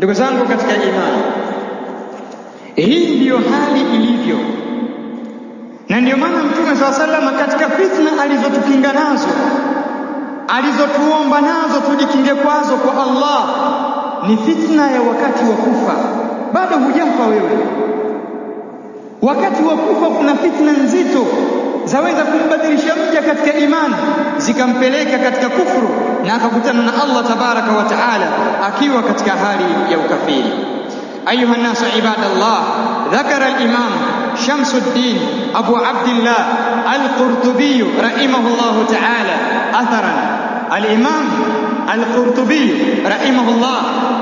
Ndugu zangu katika imani, hii ndiyo hali ilivyo, na ndiyo maana Mtume swalla salama katika fitna alizotukinga nazo alizotuomba nazo tujikinge kwazo kwa Allah ni fitna ya wakati wa kufa. Bado hujafa wewe, wakati wa kufa kuna fitna nzito zaweza kumbadilisha mja katika imani zikampeleka katika kufuru na akakutana na Allah tabaraka wa taala akiwa katika hali ya ukafiri. Ayuha nasu ibadallah, dhakara al-Imam Shamsuddin Abu Abdillah al-Qurtubi rahimahullahu taala atharan. Al-Imam al-Qurtubi rahimahullah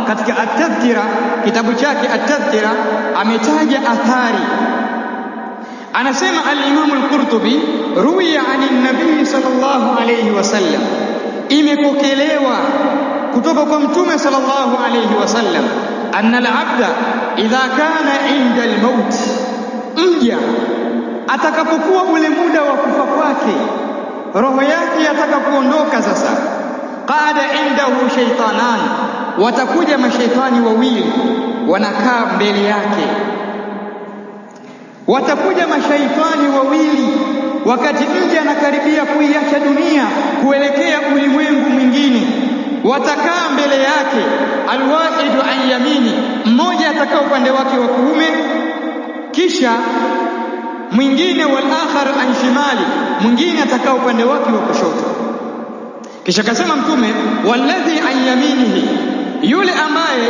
katika at-Tadhkira, kitabu chake at-Tadhkira, ametaja athari anasema al-Imam al-Qurtubi, ruwiya an an-nabii sallallahu alayhi wasallam imepokelewa kutoka kwa Mtume sallallahu alayhi wasallam, anna al-abda idha kana inda al-maut, mja atakapokuwa ule muda wa kufa kwake, roho yake yatakapoondoka sasa, qada indahu shaytanan, watakuja mashaitani wawili wanakaa mbele yake, watakuja mashaitani wawili wakati mja anakaribia kuiacha dunia kuelekea ulimwengu mwingine. Watakaa mbele yake alwahidu an yamini, mmoja atakaa upande wake wa kuume, kisha mwingine wal akhar an shimali, mwingine atakaa upande wake wa kushoto. Kisha akasema Mtume, walladhi an yaminihi, yule ambaye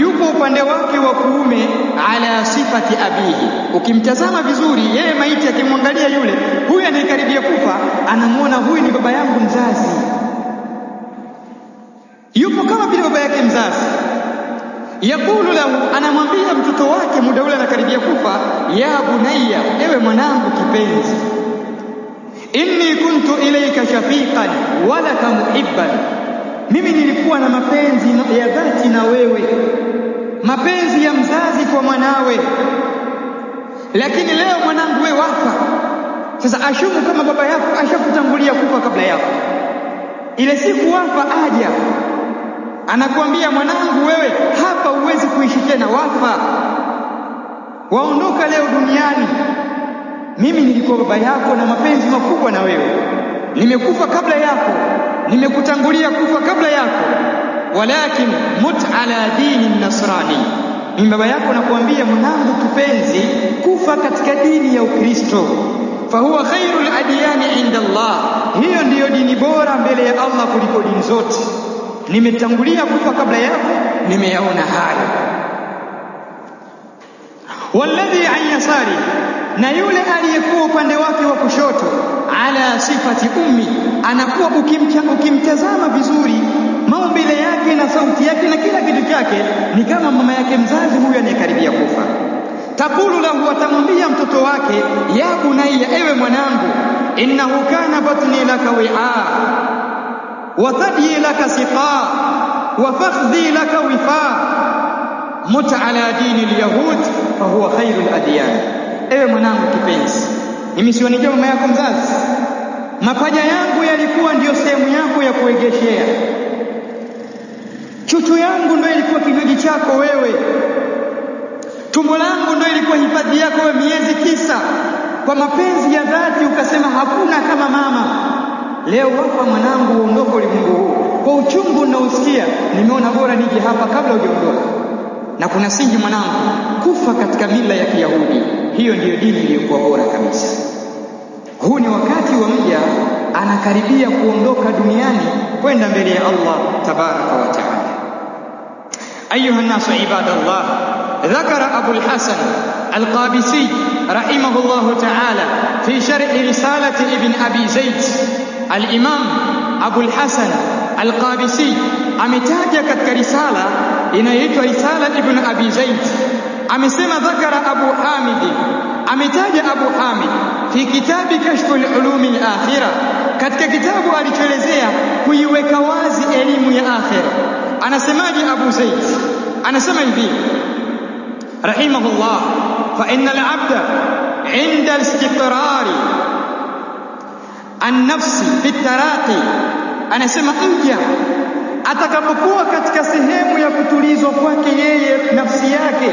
yupo upande wake wa kuume sifati abihi. Ukimtazama vizuri yeye maiti akimwangalia yule, huyu anayekaribia kufa anamwona huyu ni baba yangu mzazi, yupo kama vile baba yake mzazi. Yakulu lahu, anamwambia mtoto wake muda ule anakaribia kufa, ya bunayya, ewe mwanangu kipenzi, inni kuntu ilaika shafiqan walaka muhibban, mimi nilikuwa na mapenzi ya dhati na wewe mapenzi kwa mwanawe. Lakini leo mwanangu, wewe wafa sasa, ashumu kama baba yako ashakutangulia kufa kabla yako. Ile siku wafa aja, anakuambia mwanangu, wewe hapa huwezi kuishi tena, wafa, waondoka leo duniani. Mimi nilikuwa baba yako na mapenzi makubwa na wewe, nimekufa kabla yako, nimekutangulia kufa kabla yako, walakin mut ala dini nasrani ni baba yako nakuambia, mwanangu kipenzi, kufa katika dini ya Ukristo, fahuwa khairul ladyani inda Allah, hiyo ndiyo dini bora mbele ya Allah kuliko dini zote. Nimetangulia kufa kabla yako, nimeyaona hayo. Walladhi an yasari, na yule aliyekuwa upande wake wa kushoto, ala sifati ummi, anakuwa ukimtazama vizuri maumbile yake na sauti yake na kila kitu chake ni kama mama yake mzazi huyu anayekaribia kufa. Takulu lahu, atamwambia mtoto wake, ya bunayya, ewe mwanangu, innahu kana batni laka wia wa thadyi laka siqa wa fakhdhi laka wifa mut ala dini lyahud fahuwa khairu ladyan, ewe mwanangu kipenzi, mimi siwanijua mama yako mzazi, mapaja yangu yalikuwa ndiyo sehemu yako ya kuegeshea chuchu yangu ndio ilikuwa kinywaji chako wewe, tumbo langu ndio ilikuwa hifadhi yako wewe, miezi tisa kwa mapenzi ya dhati, ukasema hakuna kama mama. Leo wapa mwanangu, uondoke ulimwengu huu. Kwa uchungu unaosikia, nimeona bora nije hapa kabla hujaondoka. Na kuna singi mwanangu, kufa katika mila ya Kiyahudi, hiyo ndiyo dini iliyokuwa bora kabisa. Huu ni wakati wa mja anakaribia kuondoka duniani kwenda mbele ya Allah tabaraka wa taala. أيها الناس عباد الله ذكر أبو الحسن القابسي رحمه الله تعالى في شرح رسالة ابن أبي زيد الإمام أبو الحسن القابسي أمتاج كرسالة إن رسالة ابن أبي زيد أمسما ذكر أبو حامد أمتاج أبو حامد في كتاب كشف العلوم الآخرة كتك كتاب أريتشوليزيا كي وكوازي إليم يا آخر Anasemaje Abu Zaid? Anasema hivi rahimahullah, fa inna al-abda inda istiqrari an-nafsi bitaraqi, anasema mja atakapokuwa katika sehemu ya kutulizwa kwake yeye nafsi yake,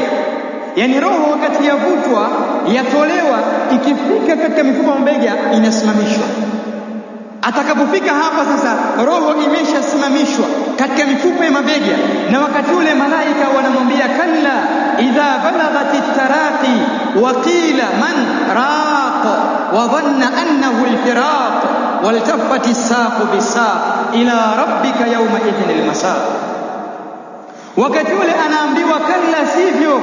yani roho wakati yavutwa yatolewa, ikifika katika mifupa mabega inasimamishwa. Atakapofika hapa sasa, roho imeshasimamishwa katika mifupa ya mabega, na wakati ule malaika wanamwambia kalla idha balaghati taraqi wa qila man raq wa dhanna annahu alfiraq waltafati saqu bisaq ila rabbika yawma idhin almasaq. Wakati ule anaambiwa kalla, sivyo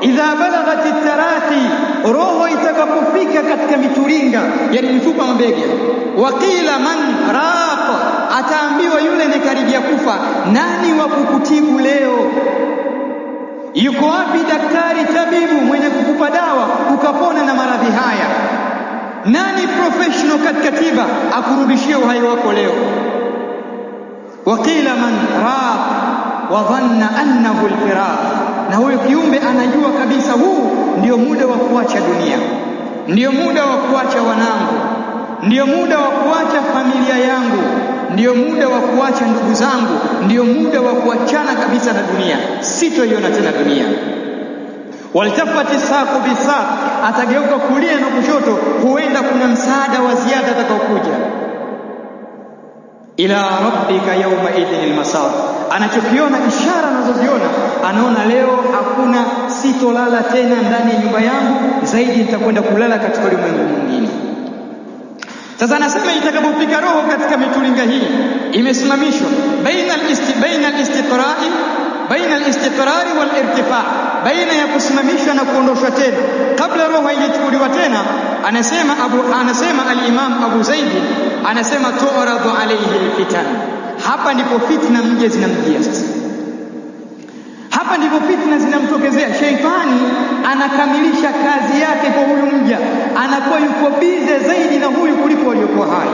idha balaghati taraqi, roho itakapofika katika mituringa, yani mifupa mabega, wa qila man raq ataambiwa yule ni kufa, nani wa kukutibu leo? Yuko wapi daktari tabibu mwenye kukupa dawa ukapona na maradhi haya? Nani professional katika tiba akurudishie uhai wako leo? Wakila man raq wa dhanna annahu alfiraq, na huyo kiumbe anajua kabisa huu ndio muda wa kuacha dunia, ndio muda wa kuacha wanangu, ndio muda wa kuacha familia yangu ndiyo muda wa kuacha ndugu zangu, ndiyo muda wa kuachana kabisa na dunia, sitoiona tena dunia. Waltafati saku bisak, atageuka kulia na kushoto, huenda kuna msaada wa ziada atakaokuja. Ila rabbika yauma idhin almasar, anachokiona ishara anazoziona anaona, leo hakuna, sitolala tena ndani ya nyumba yangu zaidi, nitakwenda kulala katika ulimwengu mwingine. Sasa anasema itakapofika roho katika mitulinga hii imesimamishwa baina alistiqrari baina alistiqrari wal irtifa, baina ya kusimamishwa na kuondoshwa tena, kabla roho haijachukuliwa tena. Anasema abu anasema al-Imam Abu Zaidi anasema tu'radu alayhi alfitan, hapa ndipo fitna mje zinamjia sasa hapa ndipo fitna zinamtokezea. Sheitani anakamilisha kazi yake kwa huyu mja, anakuwa yuko bize zaidi na huyu kuliko waliokuwa hai.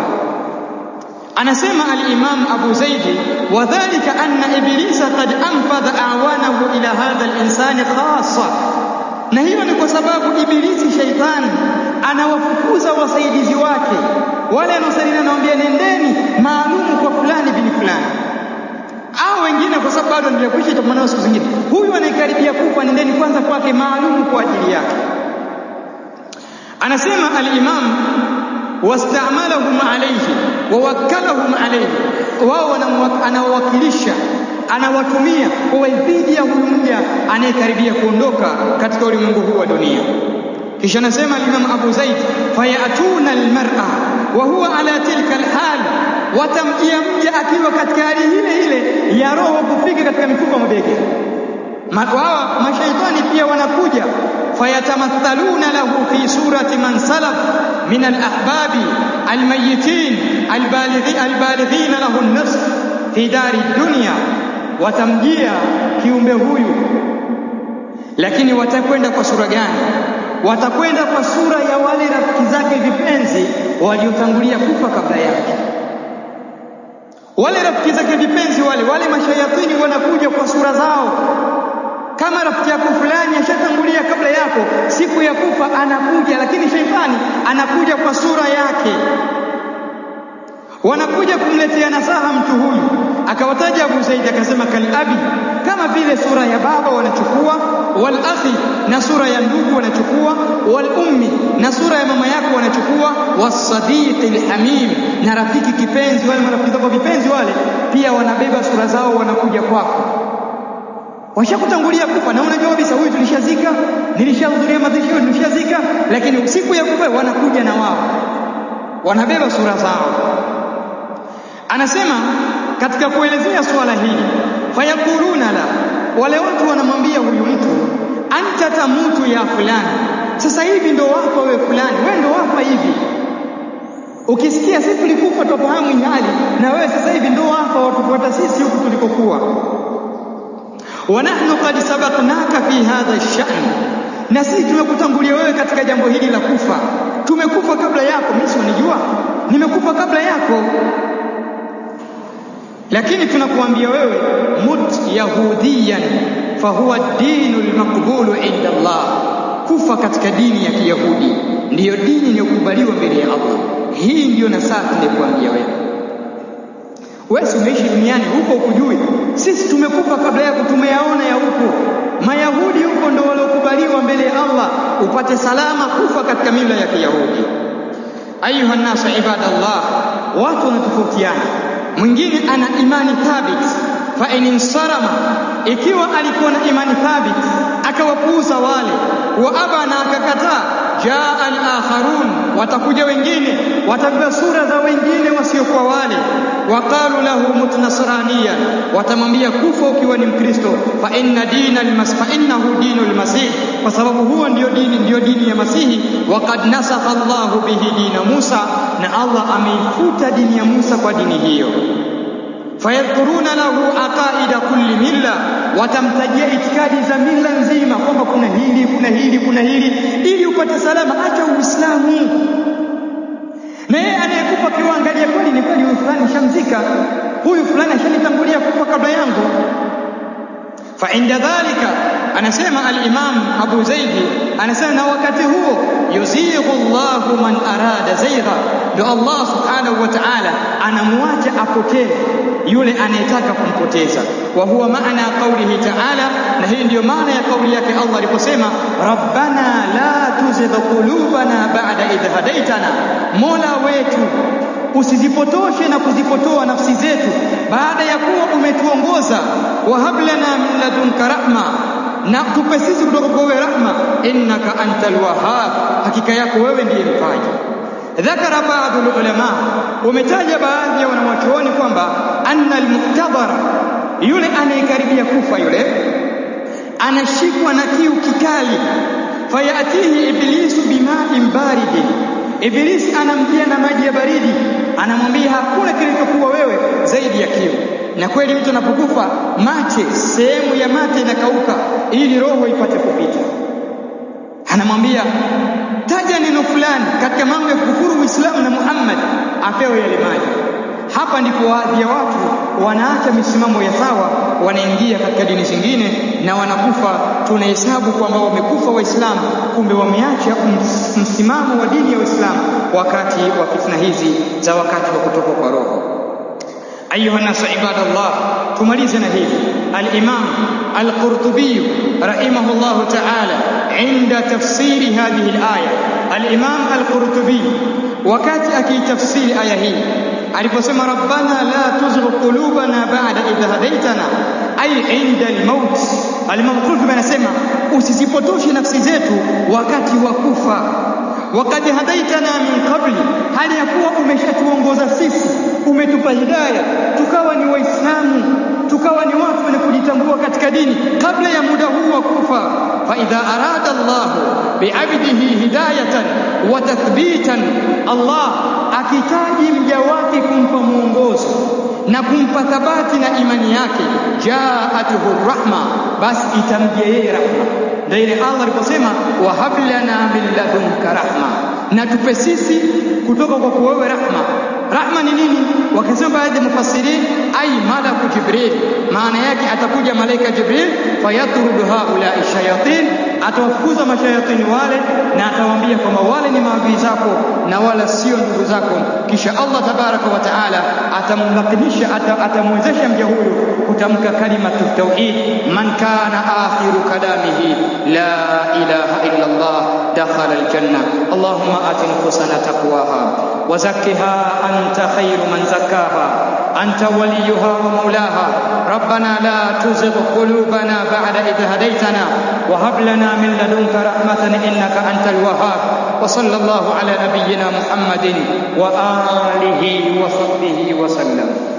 Anasema Alimamu Abu Zaidi, wa dhalika anna iblisa qad anfadha awanahu ila hadha linsani khassa, na hiyo ni kwa sababu Ibilisi sheitani anawafukuza wasaidizi wake wale anaosalina, anawaambia nendeni maalumu kwa fulani bin fulani au wengine, kwa sababu bado endelea kuishi kwa siku zingine. Huyu anaikaribia kufa, nendeni kwanza kwake maalum kwa ajili yake. Anasema al-Imam wastamalahum wa wakkalahum alayhi wao anawawakilisha anawatumia kwa dhidi ya huyu mja anayekaribia kuondoka katika ulimwengu huu wa dunia. Kisha anasema alimamu Abu Zaid, fayatuna almar'a wa huwa ala tilka alhal watamjia mja akiwa katika hali ile ile ya roho kufika katika mifuko ya mabega. Hawa mashaitani pia wanakuja fayatamathaluna lahu fi surati man salaf min alahbabi almayitin albalighina lahu an-nafs fi dari dunya, watamjia kiumbe huyu. Lakini watakwenda kwa sura gani? Watakwenda kwa sura ya wale rafiki zake vipenzi waliotangulia kufa kabla yake wale rafiki zake vipenzi wale wale mashayatini wanakuja kwa sura zao. Kama rafiki yako fulani ashatangulia kabla yako, siku ya kufa anakuja, lakini sheitani anakuja kwa sura yake, wanakuja kumletea nasaha mtu huyu akawataja Abu Zaid akasema, kalabi, kama vile sura ya baba wanachukua, wal akhi, na sura ya ndugu wanachukua, wal ummi, na sura ya mama yako wanachukua, wasadiqi lhamim, na rafiki kipenzi. Wale marafiki zako vipenzi wale pia wanabeba sura zao, wanakuja kwako washakutangulia kufa na unajua kabisa huyu tulishazika, nilishahudhuria mazishi, tulishazika, lakini usiku ya kufa wanakuja na wao wanabeba sura zao. Anasema katika kuelezea swala hili, fayakuluna la, wale watu wanamwambia huyu mtu, anta tamutu ya fulani, sasa hivi ndo wafa we fulani, wewe ndo wafa hivi. Ukisikia sisi tulikufa twafahamu hali, na wewe sasa hivi ndo wafa watufuata sisi huku tulikokuwa. wa nahnu qad sabaqnaka fi hadha ash-sha'n, na sisi tumekutangulia wewe katika jambo hili la kufa. Tumekufa kabla yako, mimi si unijua, nimekufa kabla yako lakini tunakuambia wewe mut yahudiyan fahuwa dinu lmaqbulu inda Allah, kufa katika dini ya Kiyahudi ndiyo dini inayokubaliwa mbele ya Allah. Hii ndiyo nasaha tunakuambia wewe. Wewe umeishi duniani huko ukujui, sisi tumekufa kabla yako, tumeyaona ya huko. Mayahudi huko ndo waliokubaliwa mbele ya Allah, upate salama kufa katika mila ya Kiyahudi. Ayuha nnasu ibadallah, watu wanatofautiana Mwingine ana imani thabit, fa in insarama, ikiwa alikuwa na imani thabit akawapuuza wale wa aba, na akakataa, jaa al akharun watakuja wengine watabeba sura za wengine wasiokuwa wale. Waqalu lahu mutnasraniya, watamwambia kufa ukiwa ni Mkristo. Fa inna dina fa innahu dinu lmasih, kwa sababu huo ndio dini, ndio dini ya Masihi. Waqad nasakha Allahu bihi dina Musa, na Allah ameifuta dini ya Musa kwa dini hiyo fayadhkuruna lahu aqaida kulli milla, watamtajia itikadi za mila nzima, kwamba kuna hili kuna hili kuna hili, ili upate salama. Acha na yeye anayekufa akiwa angalia, kweli ni kweli, huyu fulani shamzika, huyu fulani ashanitangulia kufa kabla yangu. fa inda dhalika Anasema al-Imam Abu Zaidi anasema, na wakati huo yuzighu Allahu man arada zaigha, ndo Allah subhanahu wa ta'ala anamwacha apotee yule anayetaka kumpoteza. Wa huwa maana qaulihi ta'ala, na hii ndiyo maana ya kauli yake Allah aliposema, rabbana la tuzigh qulubana ba'da idh hadaitana, mola wetu usizipotoshe na kuzipotoa nafsi zetu baada ya kuwa umetuongoza. wa hab lana min ladunka rahma na tupe sisi kutoka kwa wewe rahma, innaka antal wahhab, hakika yako wewe ndiye mpaji. Dhakara baadhi ulama, umetaja baadhi ya wanawachuoni kwamba anna almuktadhara, yule anayekaribia kufa yule anashikwa na kiu kikali, fayatihi iblisu bimain baridin iblisi anamjia na maji ya baridi, anamwambia hakuna kilichokuwa wewe zaidi ya kiu na kweli mtu anapokufa mate, sehemu ya mate inakauka ili roho ipate kupita. Anamwambia taja neno fulani katika mambo ya kufuru Uislamu na Muhammad, apewe yale maji. Hapa ndipo baadhi ya watu wanaacha misimamo ya sawa, wanaingia katika dini zingine na wanakufa. Tunahesabu kwamba wamekufa Waislamu, kumbe wameacha msimamo wa dini ya Uislamu wakati wa fitna hizi za wakati wa kutoka kwa roho. أيها الناس عباد الله تمرزنا هي الإمام القرطبي رحمه الله تعالى عند تفسير هذه الآية الإمام القرطبي وكاتي أكي تفسير آية هي عرف سمى ربنا لا تزغ قلوبنا بعد إذا هديتنا أي عند الموت الموت قلت بنا سمى أسيسي نفسي زيتو وكاتي وكفى wakad hadaitana min qabli, hali ya kuwa umeshatuongoza sisi, umetupa hidaya tukawa ni Waislamu, tukawa ni watu wenye kujitambua katika dini kabla ya muda huu wa kufa. Fa idha arada Allahu biabdihi hidayatan wa tathbitan, Allah akitaji mja wake kumpa mwongozo na kumpa thabati na imani yake, jaatuhu rahma, basi itamjia yeye rahma na ile Allah aliposema wahablana min ladunka rahma, na tupe sisi kutoka kwa kuwewe rahma. Rahma ni nini? Wakisema baadhi ya ai malaku Jibril, maana yake atakuja malaika Jibril fayatrudu haulai shayatin atawafukuza mashayatini wale na atawaambia kwamba wale ni maadui zako na wala sio ndugu zako. Kisha Allah tabaraka wa taala atamlakinisha, atamwezesha mja huyu kutamka kalimatu tauhid, man kana akhiru kalamihi la ilaha illa Allah dakhala aljanna. Allahumma ati nfusana taqwaha wa zakkiha anta khairu man zakkaha أنت وليها ومولاها ربنا لا تزغ قلوبنا بعد إذ هديتنا وهب لنا من لدنك رحمة إنك أنت الوهاب وصلى الله على نبينا محمد وآله وصحبه وسلم